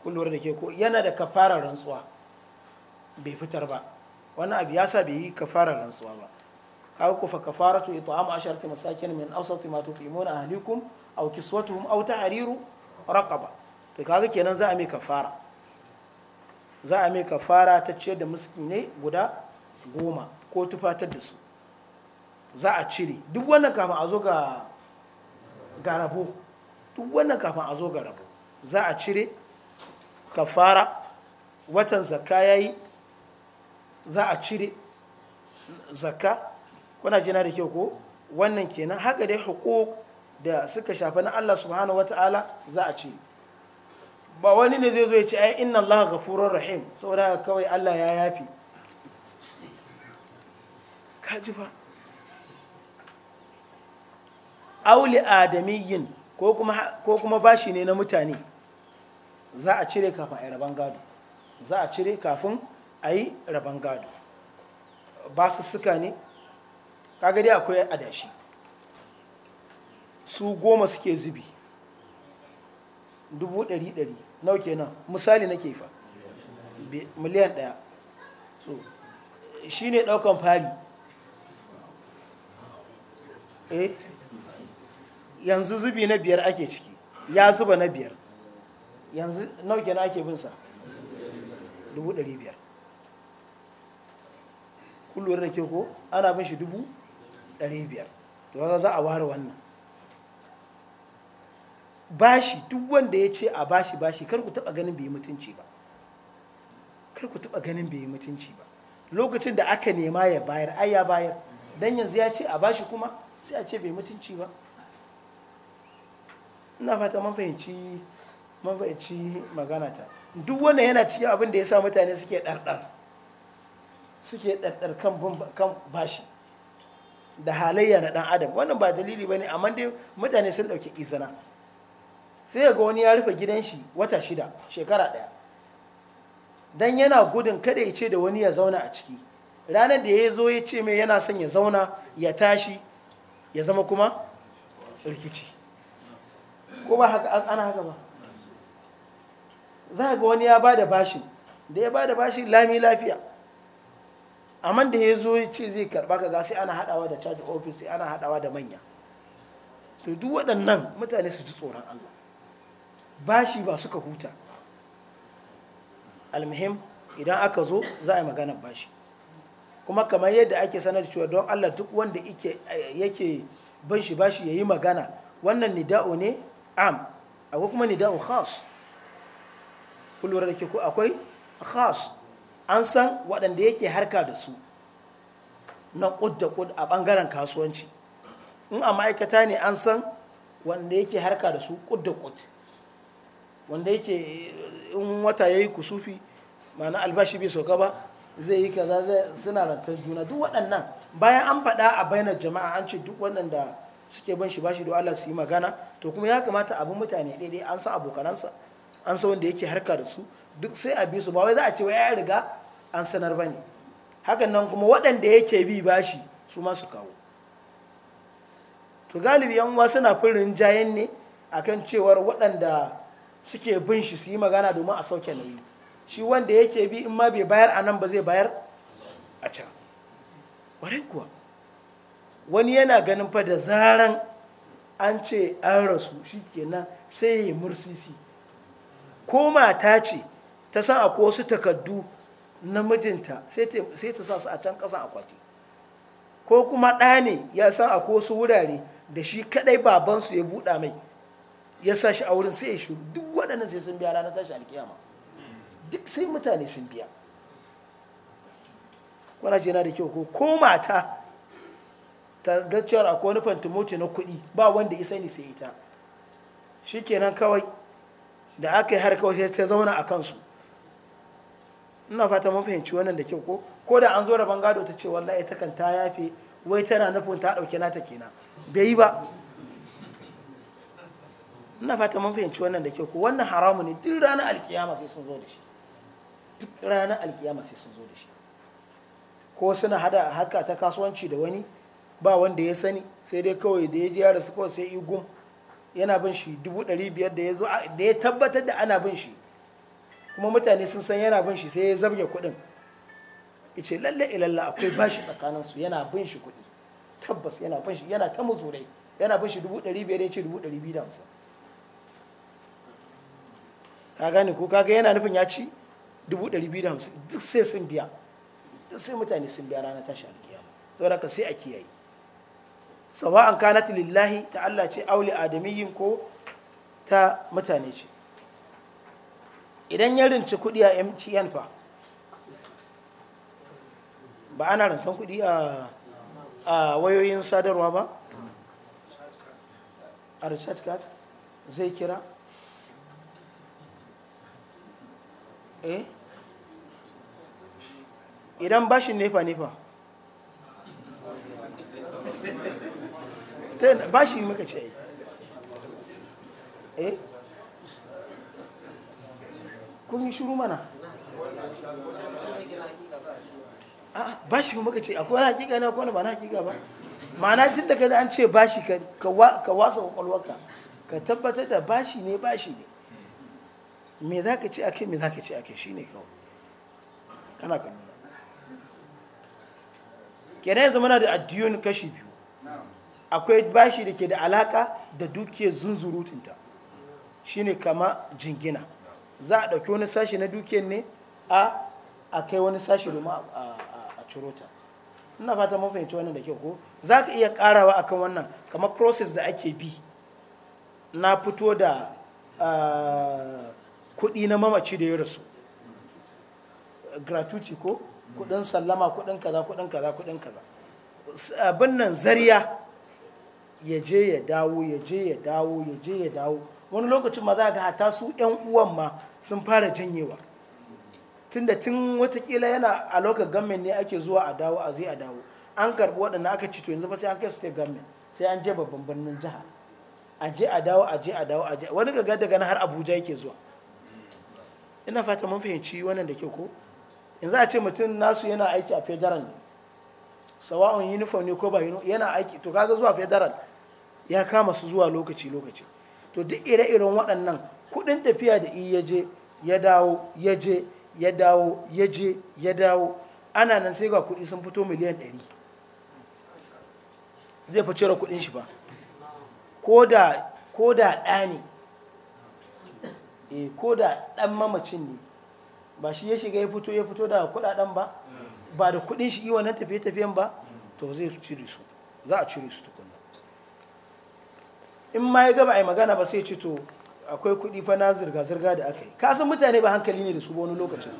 kullum da ke ko yana da kafarar rantsuwa bai fitar ba wani abu ya sa bai yi kafarar rantsuwa ba haka fa kafaratu it'amu asharati masakin min awsati ma tutimuna ahlikum aw kiswatuhum aw tahriru raqaba to kaga kenan za a mai kafara za a mai kafara ta ciyar da ne guda goma ko tufatar da su za a cire duk wannan kafin a zo ga ga rabo duk wannan kafin a zo ga rabo za a cire kafara watan zakka yayi za a cire zakka kuna jina da kyau ko wannan kenan haka dai hukuk da suka shafa na Allah subhanahu ta'ala za a ce ba wani ne zai zo ya ce ai inna Allah ghafurur rahim saboda kawai Allah ya yafi kaji fa auli adamiyin ko kuma ko kuma bashi ne na mutane za a cire kafin ai raban gado za a cire kafin ai raban gado ba su suka ne kaga dai akwai adashi su goma suke zubi dubu ɗari ɗari nau kenan misali na kefa miliyan ɗaya so shi ne ɗaukan fari eh yanzu zubi na biyar ake ciki ya zuba na biyar yanzu nau kenan ake binsa dubu ɗari biyar kullum da ke ko ana bin shi dubu 500 to za a ware wannan bashi duk wanda ya ce a bashi bashi kar ku taba ganin bai mutunci ba kar ku taba ganin bai mutunci ba lokacin da aka nema ya bayar ai ya bayar dan yanzu ya ce a bashi kuma sai a ce bai mutunci ba ina fata man fahimci man fahimci magana ta duk wanda yana cikin abin da ya sa mutane suke dardar suke ɗarɗar kan bashi da halayya na dan adam wannan ba dalili bane amma dai mutane sun dauki izina sai ga wani ya rufe gidan shi wata shida shekara daya dan yana gudun kada ya ce da wani ya zauna a ciki ranar da ya zo ya ce mai yana son ya zauna ya tashi ya zama kuma rikici ko ba haka ana haka ba za ga wani ya ba da bashin da ya ba da bashin lami lafiya amma da ya zo ya ce zai karba ka ga sai ana hadawa da charge office sai ana hadawa da manya to duk waɗannan mutane su ji tsoron Allah bashi ba suka huta almuhim idan aka zo za a yi magana bashi kuma kamar yadda ake sanar cewa don Allah duk wanda yake ban shi ba shi ya yi magana wannan nida'o ne am akwai kuma nida'o khas kullum da ke ko akwai khas an san waɗanda yake harka da su na ƙud da ƙud a ɓangaren kasuwanci in a ma'aikata ne an san wanda yake harka da su ƙud da ƙud wanda yake eh, in wata ya yi kusufi ma'ana albashi bai sauka ba zai yi kaza suna rantar juna duk waɗannan bayan an faɗa a bainar jama'a an ce duk waɗanda suke ban shi bashi da Allah su yi magana to kuma ya kamata abin mutane ɗaiɗai an san abokanansa an san wanda yake harka da su duk sai a bi su ba wai za a ce wai ya riga an sanar ba ne hakan nan kuma waɗanda yake bi bashi su ma kawo to galibi yan uwa suna firin jayen ne akan cewar waɗanda suke bin shi su yi magana domin a sauke nauyi shi wanda yake bi in ma bai bayar a nan ba zai bayar a can kuwa wani yana ganin fa da zaran an ce an rasu shi kenan sai ya yi mursisi ko mata ce ta san akwai wasu takaddu na mijinta sai ta sa su a can kasan akwati ko kuma ɗa ne ya san a wasu wurare da shi kaɗai babansu ya buɗa mai ya sa shi a wurin sai ya shuru duk waɗannan sai sun biya ranar tashi alkiyama duk sai mutane sun biya kwana ce na da kyau ko mata ta ga a ko wani fantimoti na kuɗi ba wanda isa ne sai ita kenan kawai da aka yi har kawai sai ta zauna a kansu ina fata mun fahimci wannan da kyau ko ko da an zo rabon gado ta ce wallahi ta kan ta yafe wai tana nufin ta dauke nata kenan bai yi ba ina fata mun fahimci wannan da kyau ko wannan haramu ne duk ranar alkiyama sai sun zo da shi duk ranar alkiyama sai sun zo da shi ko suna hada haka ta kasuwanci da wani ba wanda ya sani sai dai kawai da ya ji yara su kawai sai igum yana bin shi dubu ɗari biyar da ya zo da ya tabbatar da ana bin shi kuma mutane sun san yana bin shi sai ya zabge kuɗin ce lalle ilalla akwai bashi tsakanin su yana bin shi kuɗi tabbas yana bin shi yana ta muzurai yana bin shi dubu ɗari biyar ya ce dubu ɗari biyu da hamsin ka gane ko kaga yana nufin ya ci dubu ɗari biyu da hamsin duk sai sun biya duk sai mutane sun biya rana tashi alkiyama saboda ka sai a kiyaye sawa'an kanat lillahi ta Allah ce auli adamiyyin ko ta mutane ce idan ya rinci kuɗi a mtn fa ba ana rantan kuɗi a wayoyin sadarwa ba a recharge card zai kira eh idan bashin nefa nefa bashi muka ce eh kun yi shuru mana ba shi muka ce akwai wani hakika ne akwai wani ba na hakika ba ma'ana tun da da an ce bashi ka wasa kwakwalwarka ka tabbatar da bashi ne bashi ne me za ka ce ake me za ka ce ake shi ne kawai kana nuna kenan yanzu muna da addiyon kashi biyu akwai bashi da ke da alaka da dukiyar zunzurutunta ne kama jingina za a ɗauki wani sashi na dukiyar ne a a kai wani sashi domin a ciro ina fata mun fahimci wannan da kyau ko za ka iya karawa akan wannan kamar process da ake bi na fito da kuɗi na mamaci da ya rasu gratuity ko kuɗin sallama kuɗin kaza kuɗin kaza kuɗin kaza abin nan zariya ya je ya dawo ya je ya dawo ya je ya dawo wani lokacin ma za ga hata su yan uwan ma sun fara janyewa tunda tun watakila yana a lokacin gamin ne ake zuwa a dawo a zai a dawo an karbi waɗanda aka cito yanzu ba sai an kai su sai gamin sai an je babban birnin jiha a je a dawo a je a dawo a je wani ga daga har abuja yake zuwa ina fata mun fahimci wannan da ke ko yanzu a ce mutum nasu yana aiki a federal ne sawa'un uniform ne ko ba yana aiki to kaga zuwa federal ya kama su zuwa lokaci lokaci to duk ire-iren waɗannan kuɗin tafiya da iya je ya dawo ya je ya dawo ya je ya dawo ana nan sai ga kuɗi sun fito miliyan 100 zai fi cire kuɗin shi ba ko da ɗa ne eh, ko da ɗan mamacin ne ba shi ya shiga ya fito ya fito da kuɗaɗen ba ba da kuɗin shi nan tafiye-tafiyen ba to zai cire su za a cire su tukuna in ma ya gaba a yi magana ba sai ce to akwai kuɗi fa na zirga-zirga da aka yi kasan mutane ba hankali ne da su wani lokacin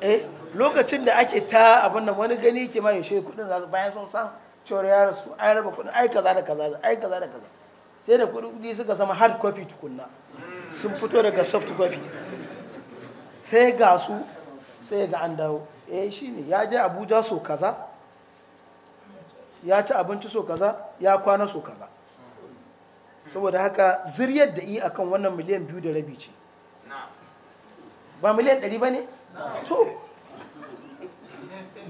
eh, lokacin da ake ta abin nan wani gani ke ma yaushe kuɗin za su bayan sun san cewar ya rasu an raba kuɗin ai kaza da kaza ai kaza da kaza sai da kuɗi suka zama hard copy tukunna sun fito daga soft copy sai ga su sai ga an dawo eh shine ya je abuja so kaza ya ci abinci so kaza ya kwana so kaza saboda haka ziryar da yi akan wannan miliyan biyu da rabi ce ba miliyan ɗari ba ne? to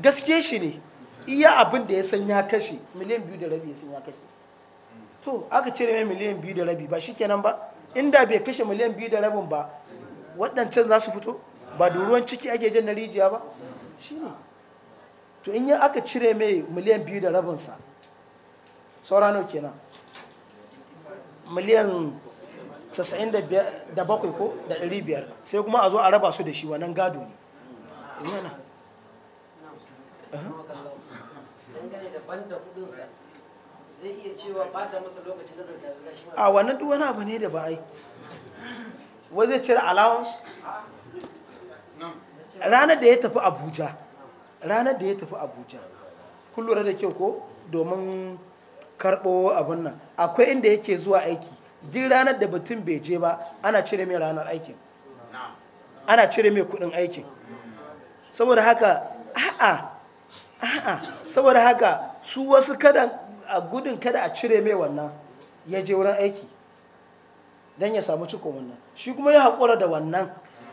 gaske shi ne iya abin da ya san ya kashe miliyan biyu da rabi ya san ya kashe to aka cire mai miliyan biyu da rabi ba shi kenan ba inda bai kashe miliyan biyu da rabin ba waɗancan za su fito ba da ruwan ciki ake jan na rijiya ba shi ne to in yi aka cire mai miliyan biyu da rabinsa nau kenan miliyan 97 ko da 500 sai kuma a zo a raba su da shi wannan gado ne yana eh, a wannan duk wani abu ne da ba a yi zai cire allowance ranar da ya tafi abuja ranar da ya tafi abuja kun lura da kyau ko domin karɓo abin nan akwai inda yake zuwa aiki duk ranar da batun bai je ba ana cire mai ranar aikin ana cire mai kuɗin aikin saboda haka a'a a'a saboda haka su wasu kada a gudun kada a cire mai wannan ya je wurin aiki don ya samu ciko wannan shi kuma ya haƙura da wannan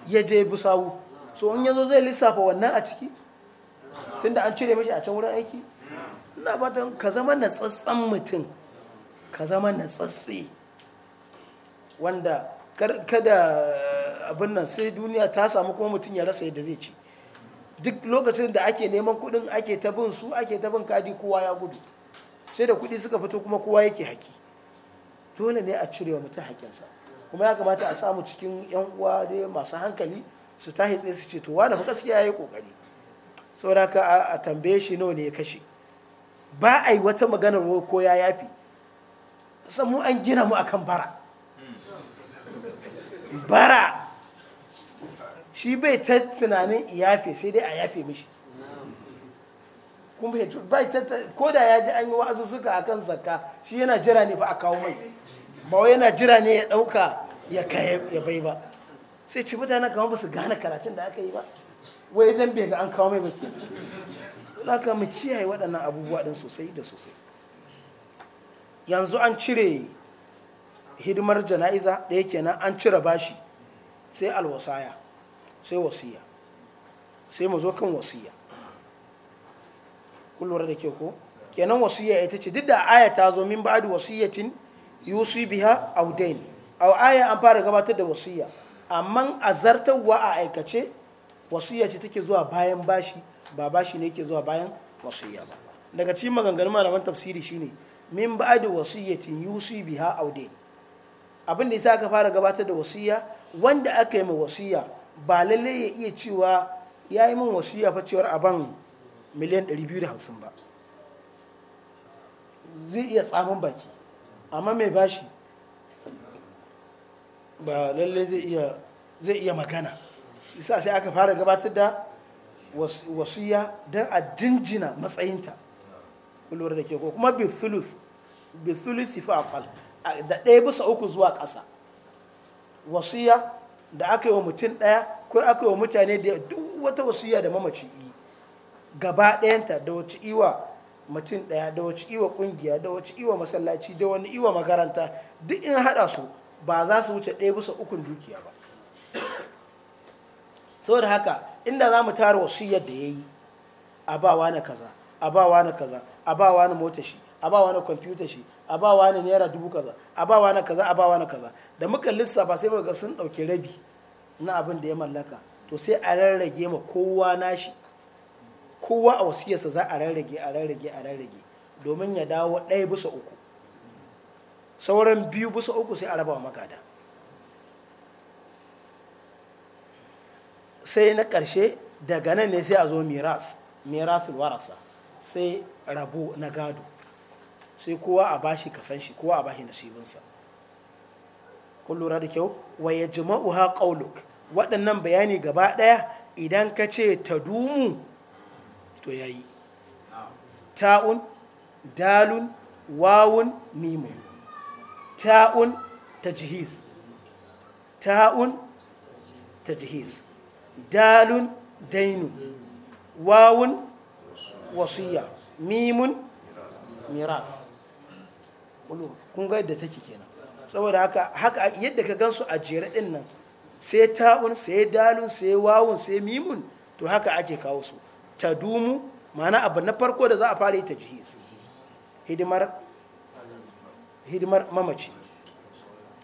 ya je bisawu so in yanzu zai lissafa wannan a ciki tun da an cire mashi a can wurin aiki na fatan ka zama na tsatsan mutum ka zama na tsatsi wanda kada eh, abin nan sai duniya ta samu kuma mutum ya rasa yadda zai ci duk lokacin da ake neman kudin ake ta bin su ake ta bin kadi kowa ya gudu sai da kudi suka fito kuma kowa yake haki dole ne a cire wa mutum hakinsa kuma ya kamata a samu cikin yan uwa dai masu hankali su tahi tsaye su ce to da fa gaskiya yi kokari saboda ka a tambaye shi nawa ne ya kashe ba a yi wata maganar ko ya yafi mu an gina mu akan bara bara shi bai ta tunanin iyafe sai dai a yafe mishi kuma bai ta ko da ya ji an yi wa'azu suka akan zakka shi yana jira ne ba a kawo mai ba wai yana jira ne ya ɗauka ya kai ya bai ba sai ci mutane kamar ba su gane karatun da aka yi ba wai dan bai ga an kawo mai baki na ka mu kiyaye waɗannan abubuwa ɗin sosai da sosai yanzu an cire hidimar jana'iza da yake nan an cire bashi sai alwasaya sai wasiya sai mu zo kan wasiya kullum da ke ko kenan wasiya ita ce duk da aya ta zo min ba da wasiyyatin yusi biha aw dain aw aya an fara gabatar da wasiya amma azartawa a aikace wasiya ce take zuwa bayan bashi ba bashi ne yake zuwa bayan wasiya ba daga cikin maganganun malaman tafsiri shine min ba'di wasiyatin yusi biha aude abin da yasa aka fara gabatar da wasiya wanda aka yi ma wasiya ba lalle ya iya cewa ya yi min wasiya fa cewar aban miliyan 250 ba zai iya tsamin baki amma mai bashi ba lalle zai iya magana isa sai aka fara gabatar da wasiya don a jinjina matsayinta kulwar da ke ko kuma bithulus bithulus akwal da ɗaya bisa uku zuwa kasa wasiya da aka yi wa mutum ɗaya ko aka yi wa mutane da duk wata wasiya da mamaci yi gaba ɗayanta da wace iwa mutum ɗaya da wace iwa ƙungiya da wace iwa masallaci da wani iwa makaranta duk in haɗa su ba za su wuce ɗaya bisa ukun dukiya ba saboda haka inda za mu tara wasiyar da ya yi a ba wani kaza a ba wani kaza a ba wani mota shi a ba wani kwamfuta shi a ba wani naira dubu kaza a ba wani kaza a ba wani kaza da muka lissafa sai muka sun ɗauki rabi na abin da ya mallaka to sai a rarrage ma kowa nashi kowa a wasiyarsa za a rarrage a rarrage a rarrage domin ya dawo ɗaya bisa uku sauran biyu bisa uku sai a raba wa magada sai na ƙarshe daga nan ne sai a zo miras mirasul warasa sai rabo na gado sai kowa a bashi kasan shi kowa a bashi nasibinsa kun da kyau wa ya jima'u ha ƙauluk waɗannan bayani gaba ɗaya idan ka ce ta dumu to ya yi ta'un dalun wawun mimun ta'un tajhiz ta'un jihis. dalun dainu wawun wasiya mimun miras kun ga yadda take kenan saboda haka haka yadda ka gansu a jere din nan sai ta'un sai dalun sai wawun sai mimun to haka ake kawo su ta dumu ma'ana abu na farko da za a fara yi ta jihis hidimar hidimar mamaci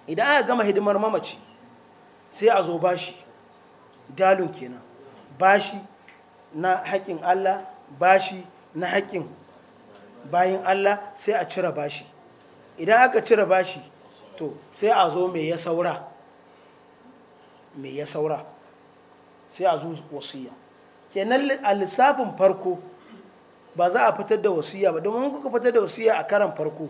idan aka gama hidimar mamaci sai a zo bashi dalun kenan bashi na haƙƙin Allah bashi na haƙƙin bayin Allah sai a cire bashi idan aka cire bashi to sai a zo mai ya saura mai ya saura sai a zo wasiya kenan a lissafin farko ba za a fitar da wasiya ba domin kuka fitar da wasiya a karan farko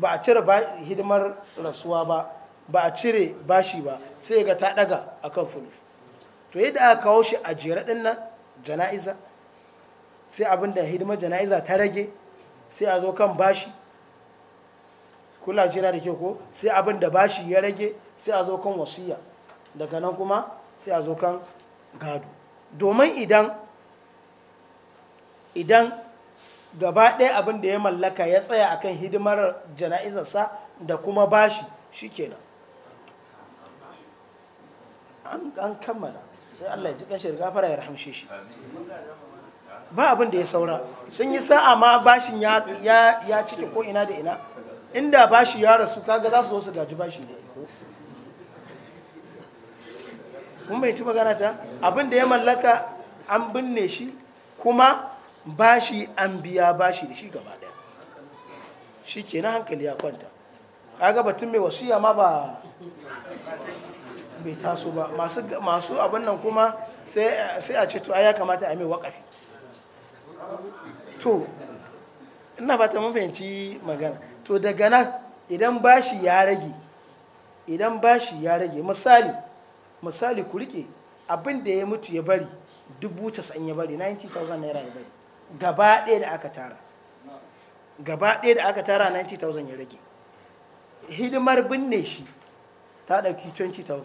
ba a cire hidimar rasuwa ba ba a cire bashi ba sai ga ta daga akan fulufu. to yadda aka kawo shi a jere din nan jana'iza sai abin da hidimar jana'iza ta rage sai a zo kan bashi kula jira da ke ko sai abin da bashi ya rage sai a zo kan wasiya daga nan kuma sai a zo kan gado domin idan idan gaba ɗaya abin da ya mallaka ya tsaya a kan hidimar jana'izarsa da kuma bashi shikenan an kammala sai Allah ya ji kanshi gafara ya rahamshe shi ba abin da ya saura sun yi sa'a ma bashin ya cike ko ina da ina inda bashi ya rasu kaga za su zo su gaji bashi ne kun bai ci magana ta abin da ya mallaka an binne shi kuma bashi an biya bashi da shi gaba daya shi kenan hankali ya kwanta kaga batun mai wasu ma ba bai taso ba masu abin nan kuma sai a ce to ya kamata a mai wakafi to ina fata mun fahimci magana to daga nan idan bashi ya rage idan bashi ya rage misali misali ku rike abin da ya mutu ya bari dubu casa'in ya bari 90,000 naira ya bari gaba ɗaya da aka tara gaba ɗaya da aka tara 90,000 ya rage hidimar binne shi ta ɗauki 20,000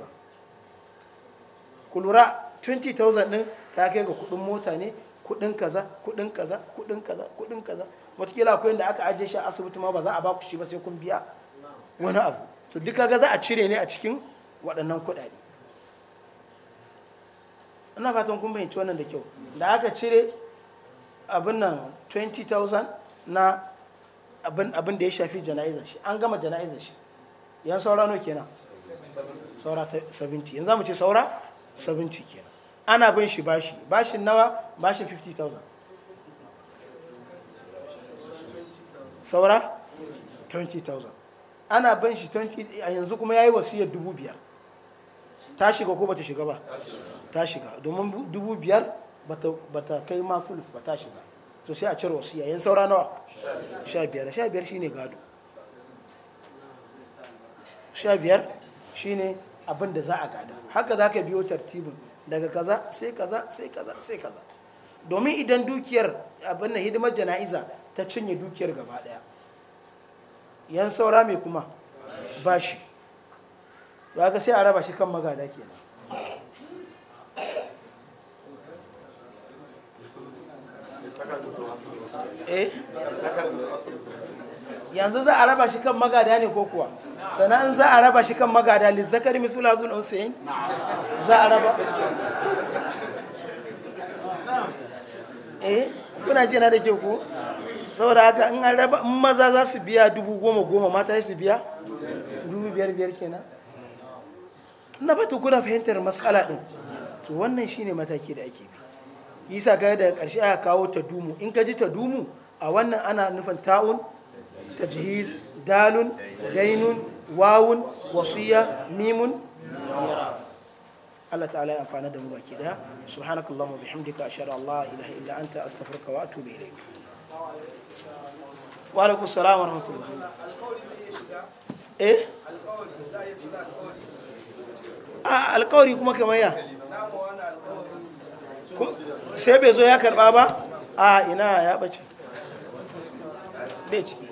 ku lura 20,000 din ta kai ga kudin mota ne kudin kaza kudin kaza kudin kaza kudin kaza watakila akwai inda aka ajiye shi a asibiti ma ba za a baku shi ba sai kun biya wani abu to duka ga za a cire ne a cikin waɗannan kuɗaɗe ina fatan kun fahimci wannan da kyau da aka cire abin nan 20,000 na abin da ya shafi jana'izar shi an gama jana'izar shi yan saura no kenan saura 70 yanzu mu ce saura 70 kenan ana bin shi bashi bashin nawa bashin 50,000 saura 20,000 ana bin shi 20 a yanzu kuma ya yi wasiyar 5,000 ta shiga ko bata shiga ba ta shiga domin 5,000 bata kai ma fulis ba ta shiga to sai a cire wasiya yan saura nawa 15,000 shi ne gado 15,000 shi ne. abin da za a gada haka za ka biyo tartibin daga kaza sai kaza sai kaza sai kaza domin idan dukiyar abin da hidimar jana'iza ta cinye dukiyar gaba daya yan saura mai kuma ba shi ba ga sai a raba shi kan magada kenan eh yanzu za a raba shi kan magada ne ko kuwa sannan za a raba shi kan magada lizzakari misula zuwa unsayin za a raba eh kuna jina da ke ku saboda haka in an raba in maza za su biya dubu goma goma mata su biya dubu biyar biyar kenan na ta kuna fahimtar matsala din to wannan shine mataki da ake bi yisa ga yadda karshe aka kawo ta dumu in ka ji ta dumu a wannan ana nufin ta'un tajhiz dalun dainun wawun wasiya mimun Allah ta'ala ya amfana da mu baki daya subhanakallahumma wa bihamdika ashhadu an la ilaha illa anta astaghfiruka wa atubu ilayk wa alaikum assalam wa rahmatullah eh a alkawari kuma kamar ya sai bai zo ya karba ba a ina ya bace